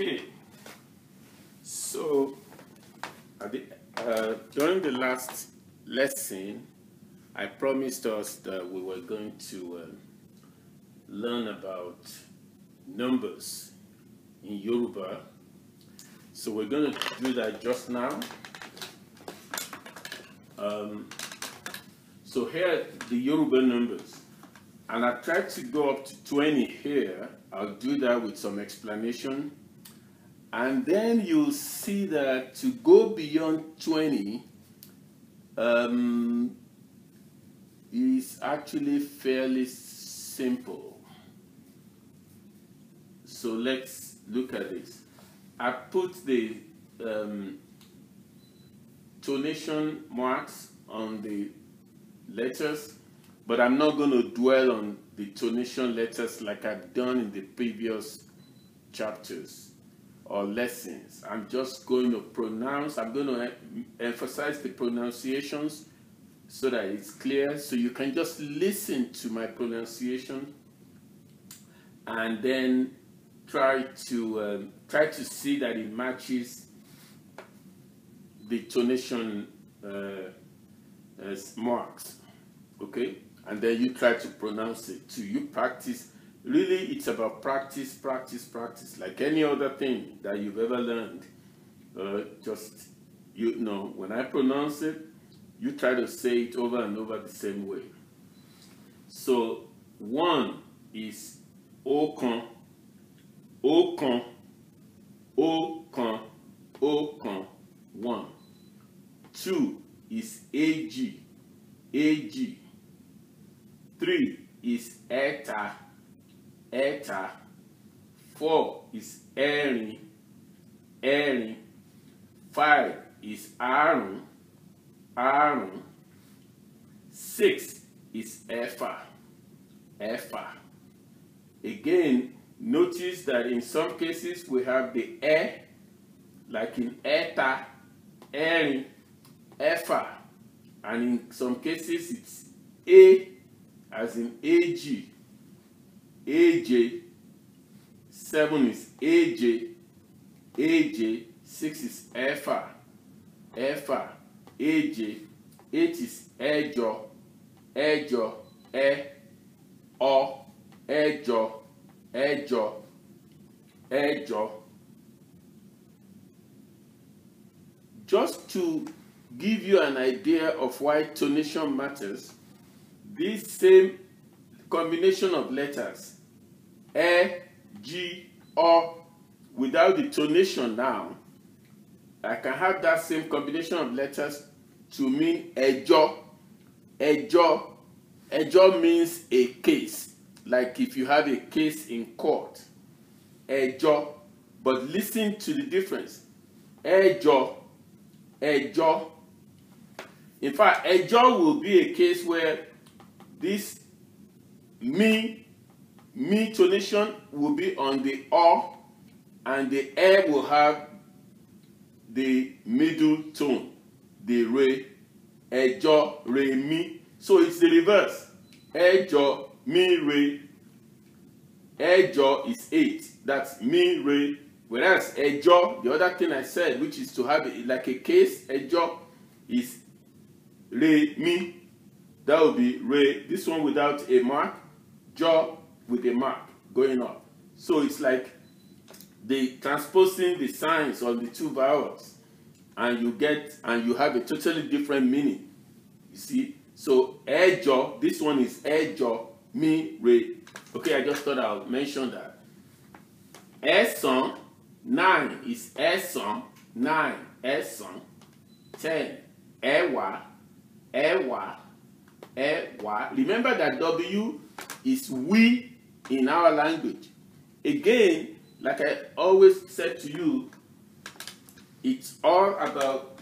Okay, so the, uh, during the last lesson, I promised us that we were going to uh, learn about numbers in Yoruba. So we're going to do that just now. Um, so here the Yoruba numbers. And I tried to go up to 20 here. I'll do that with some explanation and then you'll see that to go beyond 20 um, is actually fairly simple. So let's look at this. I put the um, tonation marks on the letters, but I'm not going to dwell on the tonation letters like I've done in the previous chapters or lessons. I'm just going to pronounce, I'm going to emphasize the pronunciations so that it's clear. So you can just listen to my pronunciation and then try to um, try to see that it matches the tonation uh, uh marks okay and then you try to pronounce it too you practice Really, it's about practice, practice, practice, like any other thing that you've ever learned. Uh, just, you know, when I pronounce it, you try to say it over and over the same way. So, one is o con, o con. one. Two is AG, AG. Three is Eta, ẹẹ́ta four is ẹ̀rin ẹ̀rin five is àrún àrún six is ẹ̀fà ẹ̀fà again notice that in some cases we have the ẹ like in ẹ̀ta ẹ̀rin ẹ̀fà and in some cases it's a as in èjì. AJ. 7 is AJ. AJ. 6 is Ẹ̀fà. Ẹ̀fà. AJ. 8 is Ẹ̀jọ. Ẹ̀jọ. Ẹ. E, Ọ. Ẹ̀jọ. Ẹ̀jọ. Ẹ̀jọ. Just to give you an idea of why tonation matters, this same combination of letters E, G, O without the tonation now. I can have that same combination of letters to mean ẹjọ́. Ẹjọ́. Ẹjọ́ means a case, like if you have a case in court. Ẹjọ́. But listen to the difference. Ẹjọ́. Ẹjọ́. In fact, ẹjọ́ will be a case where this me Me tonation will be on the R, and the air will have the middle tone, the re, ejo, re, mi. So it's the reverse. Ejo, mi, re. Ejo is eight. That's mi, re. Whereas ejo, the other thing I said, which is to have it like a case, ejo is re, mi. That would be re. This one without a mark. Jo, with a map going up. So it's like the transposing the signs on the two vowels and you get and you have a totally different meaning. You see? So ejo, this one is ejo Me re. Okay, I just thought I'll mention that. Eson nine is eson nine eson ten ewa ewa ewa. Remember that W is we in our language. Again, like I always said to you, it's all about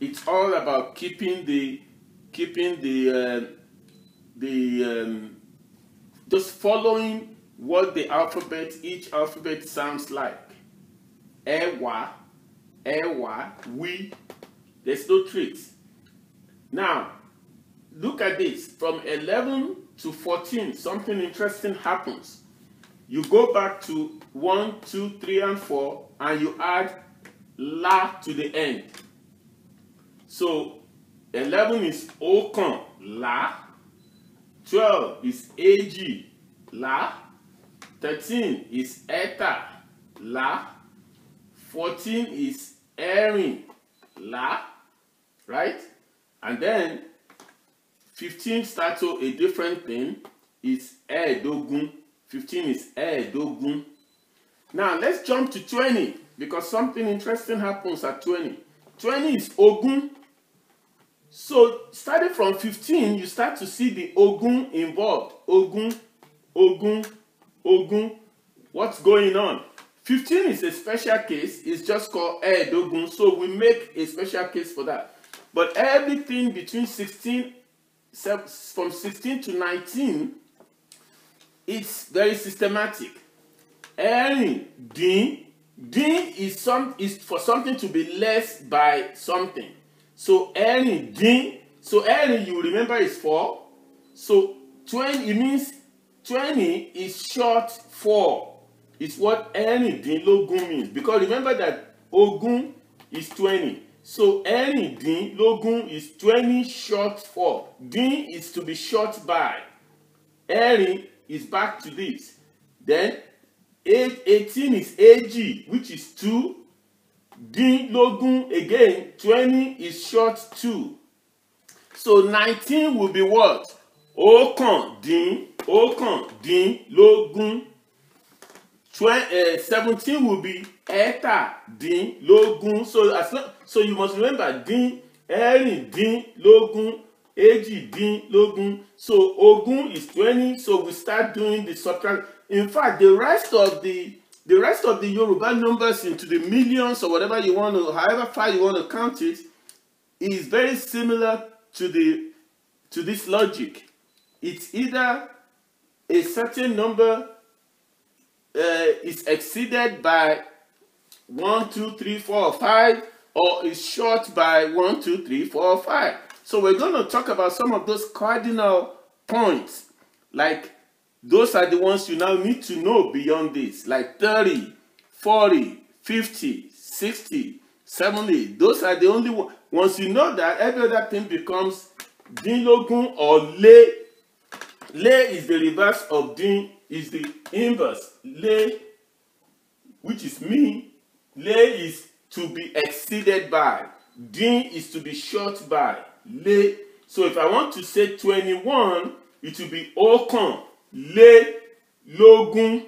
it's all about keeping the keeping the uh, the um, just following what the alphabet each alphabet sounds like. Ewa, ewa, we. There's no tricks. Now, look at this from 11 to 14, something interesting happens. You go back to 1, 2, 3, and 4, and you add la to the end. So 11 is okan, la. 12 is ag, la. 13 is eta, la. 14 is erin, la. Right? And then fifteen start to a different thing is ẹ̀ẹ́dógún fifteen is ẹ̀ẹ́dógún now let's jump to twenty because something interesting happens at twenty twenty is Ogun. so starting from fifteen you start to see the Ogun involved Ogun, Ogun, Ogun. what's going on 15 is a special case it's just called ẹ̀ẹ́dógún so we make a special case for that but everything between 16 from 16 to 19 it's very systematic ẹ̀rìn dín dín is some is for something to be less by something so ẹ̀rìn dín so ẹ̀rìn you remember is four so twenty it means twenty is short for. is what ẹ̀rìndínlógún means because remember that Ogun is twenty so logun is twenty short for dín is to be short by ẹ̀rin is back to this then eighteen is èjì which is two logun again twenty is short two so nineteen will be what ọ̀kan-dín ọ̀kan-dín-lógún eh, seventeen will be ẹ̀ẹ́tàdínlógún so as long so you must remember dín ẹ̀rìndínlógún èjìdínlógún so ogún is twenty so we start doing the subtract in fact the rest of the the rest of the Yoruba numbers into the millions or whatever you want to however far you want to count it is very similar to the to this logic it's either a certain number uh, is exceeded by One, two, three, four, five, or is short by one, two, three, four, five. So we're going to talk about some of those cardinal points. Like those are the ones you now need to know beyond this. Like 30, 40, 50, 60, 70. Those are the only ones. Once you know that, every other thing becomes dinlogun or le. Le is the reverse of din, is the inverse. Le, which is mean, Lay is to be exceeded by. Din is to be short by. Lay. So if I want to say 21, it will be ọ̀kan lé lógún.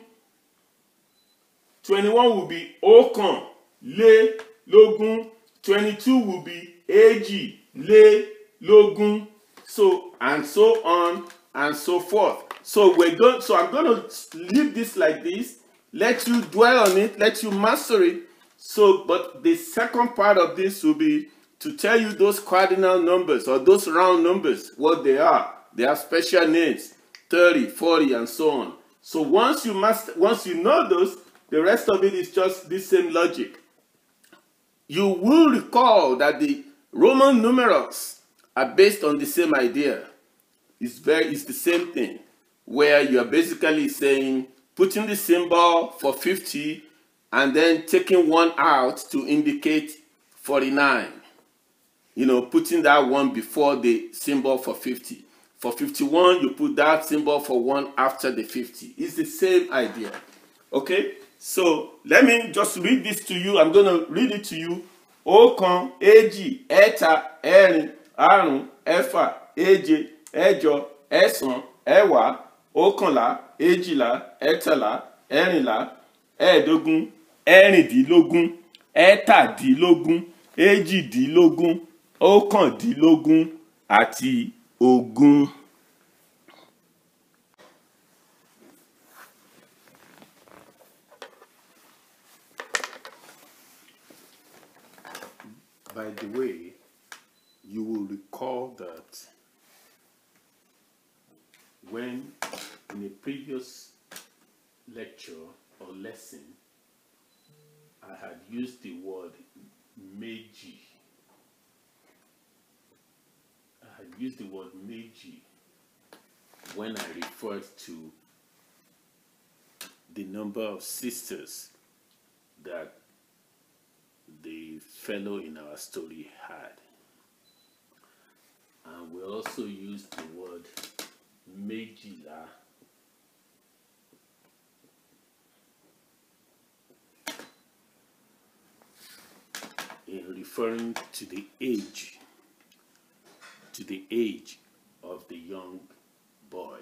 21 will be ọ̀kan lé lógún. 22 will be èjì lé logun. So and so on and so forth. So we're going so I'm going to leave this like this. Let you dwell on it, let you master it So, but the second part of this will be to tell you those cardinal numbers or those round numbers, what they are. They have special names, 30, 40, and so on. So once you must, once you know those, the rest of it is just the same logic. You will recall that the Roman numerals are based on the same idea. It's very, it's the same thing, where you are basically saying putting the symbol for 50 and then taking one out to indicate 49. You know, putting that one before the symbol for 50. For 51, you put that symbol for 1 after the 50. It's the same idea. Okay? So, let me just read this to you. I'm going to read it to you. Okon, ag ẹ̀ta, ẹ̀rin, àrún, ẹ̀fà, aj ẹ̀jọ, ẹ̀sán, ẹ̀wá, ọ̀kànlá, èjìlá, ẹ̀tàlá, ẹ̀rìnlá, Edogun, ẹ̀rìndínlógún ẹ̀ẹ́tàdínlógún èjìdínlógún ọ̀kàndínlógún àti ogún. By the way, you will recall that when in a previous lecture or lesson I had used the word meji. I had used the word meji when I referred to the number of sisters that the fellow in our story had. And we also used the word mejila in referring to the age to the age of the young boy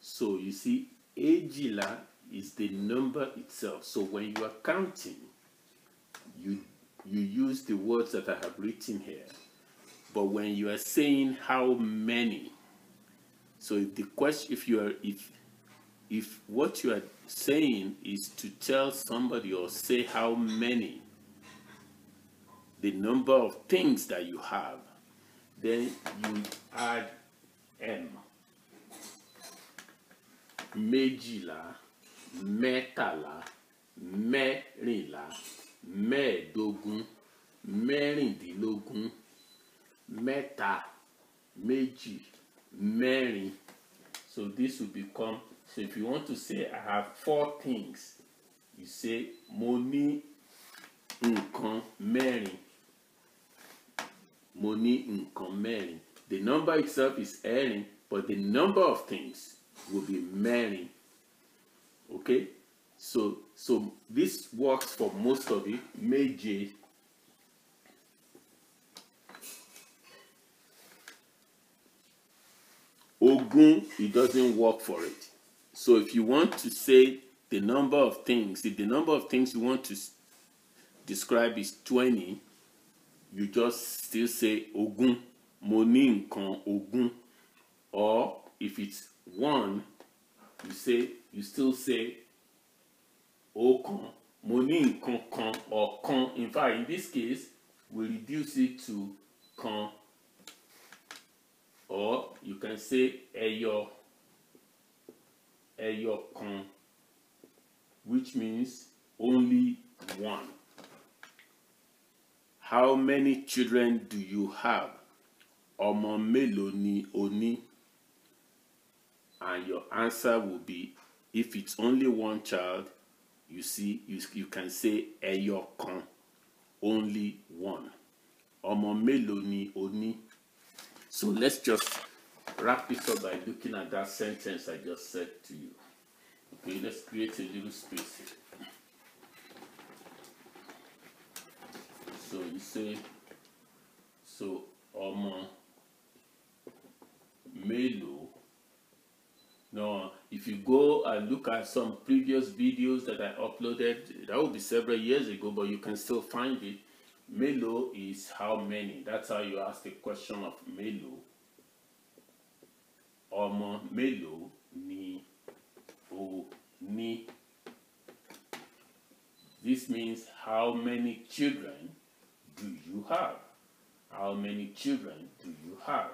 so you see agila is the number itself so when you are counting you you use the words that i have written here but when you are saying how many so if the question if you are if if what you are saying is to tell somebody or say how many the number of things that you have. Then you add M. Méjìlá, mẹ́tàlá, mẹ́rìnlá, mẹ́ẹ̀ẹ́dógún, mẹ́rìndínlógún, meta, méjì, mẹ́rin. So this will become, so if you want to say I have four things, you say mo ní nǹkan Money in coming. the number itself is earning, but the number of things will be many. okay so so this works for most of it Major. ogún it doesn't work for it so if you want to say the number of things if the number of things you want to describe is 20 you just still say ogun, mo ní nǹkan ogún or if it's one you say you still say ọ̀kan mo ní nǹkan kan or kan in fact in this case we reduce it to kan or you can say eyo, eyo kan which means only one. How many children do you have? Ọmọ mélòó ni o ní? And your answer will be if it's only one child you see you, you can say ẹyọ kan only one. Ọmọ mélòó ni o ní? So let's just wrap it up by looking at that sentence I just said to you. Okay, let's create a little space here. so you say so Oma Melo. now if you go and look at some previous videos that I uploaded that would be several years ago but you can still find it Melo is how many that's how you ask the question of Melo. Oma Melo ni o ní. This means how many children do you have? How many children do you have?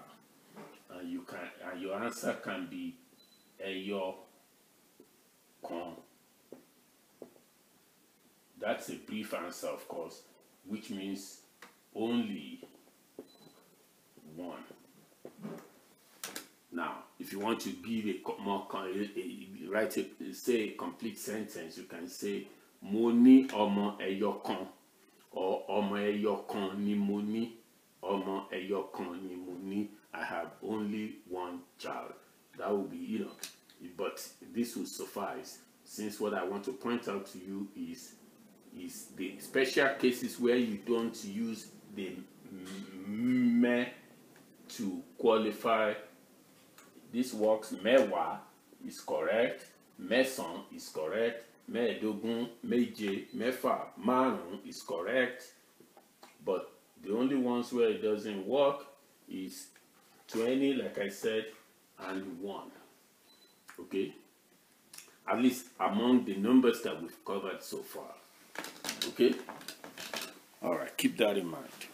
And you can and your answer can be ẹyọ Con." That's a brief answer, of course, which means only one. Now, if you want to give a more a, write a, say a complete sentence, you can say mo ní ọmọ ẹyọ con." ọmọ ẹyọ kan ni mo ní ọmọ ẹyọ kan ni mo ní I have only one child that will be enough. but this will suffice since what I want to point out to you is is the special cases where you don't use the me to qualify this works mewa is correct mẹ́sàn is correct mẹ́ẹ̀ẹ́dógún méje mẹ́fà márùn-ún is correct but the only ones where it doesn't work is twenty like I said and one okay at least among the numbers that we've covered so far okay all right keep that in mind.